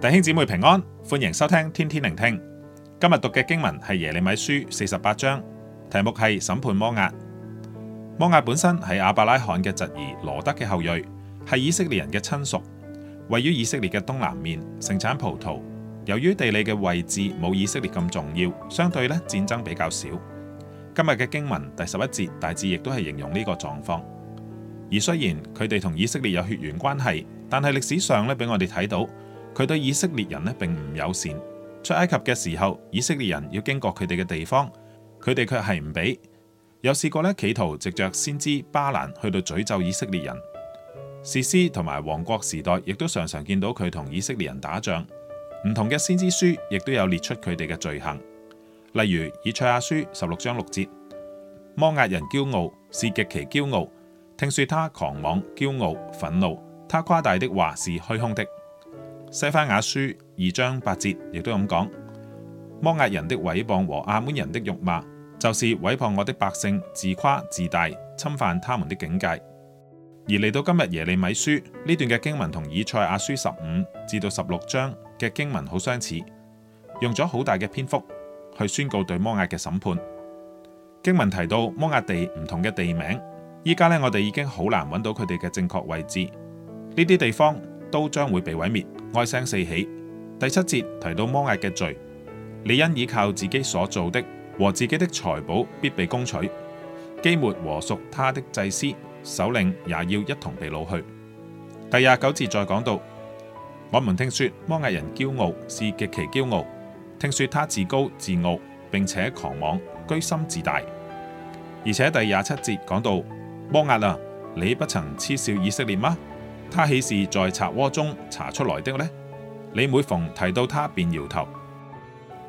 弟兄姊妹平安，歡迎收聽天天聆聽。今日讀嘅經文係耶利米書四十八章，題目係審判摩押。摩押本身係亞伯拉罕嘅侄兒羅德嘅後裔，係以色列人嘅親屬，位於以色列嘅東南面，盛產葡萄。由於地理嘅位置冇以色列咁重要，相對呢戰爭比較少。今日嘅經文第十一節大致亦都係形容呢個狀況。而雖然佢哋同以色列有血緣關係，但係歷史上呢，俾我哋睇到。佢對以色列人呢，並唔友善。出埃及嘅時候，以色列人要經過佢哋嘅地方，佢哋卻係唔俾。有試過呢企圖藉着先知巴蘭去到詛咒以色列人。士師同埋王國時代，亦都常常見到佢同以色列人打仗。唔同嘅先知書亦都有列出佢哋嘅罪行，例如以賽亞書十六章六節：摩押人驕傲是極其驕傲，聽說他狂妄、驕傲、憤怒，他誇大的話是虛空的。西番雅書二章八節亦都咁講：摩押人的毀謗和亞捫人的辱罵，就是毀謗我的百姓，自誇自大，侵犯他們的境界。而嚟到今日耶利米書呢段嘅經文，同以賽亞書十五至到十六章嘅經文好相似，用咗好大嘅篇幅去宣告對摩押嘅審判。經文提到摩押地唔同嘅地名，依家呢，我哋已經好難揾到佢哋嘅正確位置呢啲地方，都將會被毀滅，哀聲四起。第七節提到摩押嘅罪，你因倚靠自己所做的和自己的財寶，必被攻取。基抹和屬他的祭司、首領也要一同被擄去。第廿九節再講到，我們聽說摩押人驕傲是極其驕傲，聽說他自高自傲，並且狂妄、居心自大。而且第廿七節講到摩押啊，你不曾嗤笑以色列嗎？他豈是在賊窩中查出來的呢？你每逢提到他便搖頭。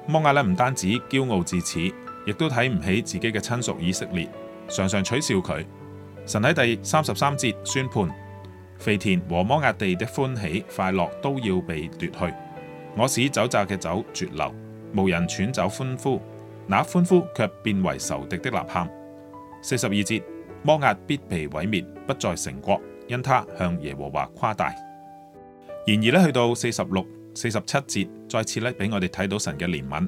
摩押呢，唔單止驕傲至此，亦都睇唔起自己嘅親屬以色列，常常取笑佢。神喺第三十三節宣判：肥田和摩押地的歡喜快樂都要被奪去。我使酒榨嘅酒絕流，無人踹酒歡呼，那歡呼卻變為仇敵的吶喊。四十二節，摩押必被毀滅，不再成國。因他向耶和華誇大，然而咧去到四十六、四十七節，再次咧俾我哋睇到神嘅憐憫。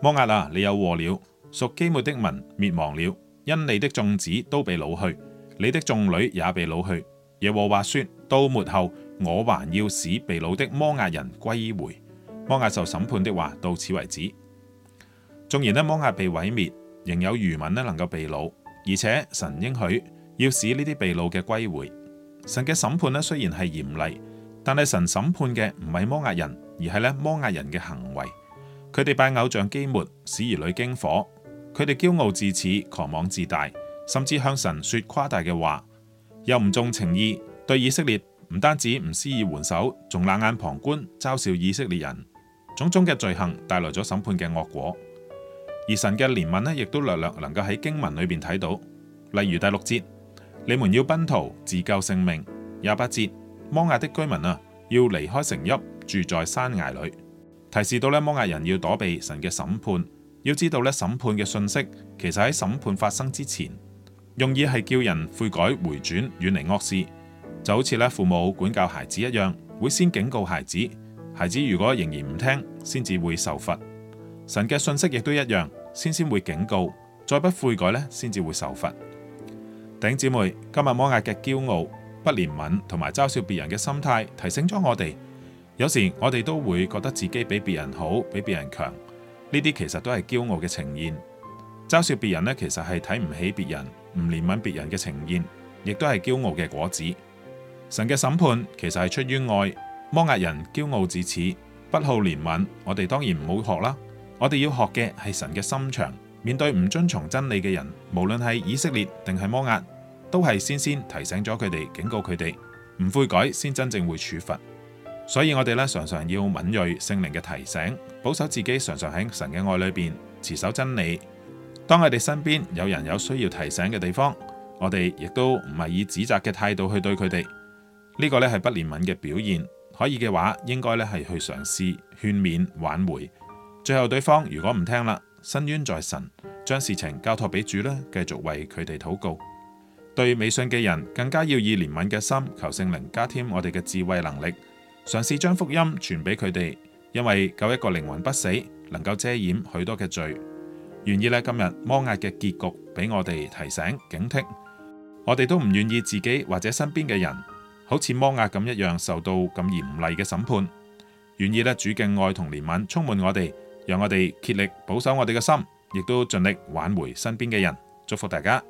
摩押啊，你有禍了，屬基抹的民滅亡了，因你的眾子都被擄去，你的眾女也被擄去。耶和華說：到末後，我還要使被擄的摩押人歸回。摩押受審判的話到此為止。縱然呢，摩押被毀滅，仍有餘民咧能夠被擄，而且神應許。要使呢啲被擄嘅歸回。神嘅審判咧，雖然係嚴厲，但係神審判嘅唔係摩押人，而係咧摩押人嘅行為。佢哋拜偶像基抹，使兒女驚火；佢哋驕傲自恃，狂妄自大，甚至向神說誇大嘅話，又唔重情義，對以色列唔單止唔施以援手，仲冷眼旁觀，嘲笑以色列人。種種嘅罪行帶來咗審判嘅惡果，而神嘅憐憫咧，亦都略略能夠喺經文裏邊睇到，例如第六節。你們要奔逃，自救性命，廿八節，摩押的居民啊，要離開城邑，住在山崖裏。提示到咧，摩押人要躲避神嘅審判，要知道咧審判嘅信息。其實喺審判發生之前，用意係叫人悔改回轉，遠離惡事，就好似咧父母管教孩子一樣，會先警告孩子，孩子如果仍然唔聽，先至會受罰。神嘅信息亦都一樣，先先會警告，再不悔改呢，先至會受罰。弟兄姊妹，今日摩押嘅驕傲、不憐憫同埋嘲笑別人嘅心態，提醒咗我哋，有時我哋都會覺得自己比別人好、比別人強，呢啲其實都係驕傲嘅呈現。嘲笑別人呢，其實係睇唔起別人、唔憐憫別人嘅呈現，亦都係驕傲嘅果子。神嘅審判其實係出於愛，摩押人驕傲至此，不好憐憫，我哋當然唔好學啦。我哋要學嘅係神嘅心腸，面對唔遵從真理嘅人，無論係以色列定係摩押。都係先先提醒咗佢哋，警告佢哋唔悔改，先真正會處罰。所以我哋咧，常常要敏銳聖靈嘅提醒，保守自己，常常喺神嘅愛裏邊持守真理。當佢哋身邊有人有需要提醒嘅地方，我哋亦都唔係以指責嘅態度去對佢哋，呢、這個咧，係不憐憫嘅表現。可以嘅話，應該咧係去嘗試勸勉挽回。最後，對方如果唔聽啦，申冤在神，將事情交托俾主咧，繼續為佢哋禱告。對未信嘅人，更加要以憐憫嘅心求聖靈加添我哋嘅智慧能力，嘗試將福音傳俾佢哋，因為救一個靈魂不死，能夠遮掩許多嘅罪。願意呢今日摩押嘅結局俾我哋提醒警惕，我哋都唔願意自己或者身邊嘅人好似摩押咁一樣受到咁嚴厲嘅審判。願意呢主嘅愛同憐憫充滿我哋，讓我哋竭力保守我哋嘅心，亦都盡力挽回身邊嘅人。祝福大家。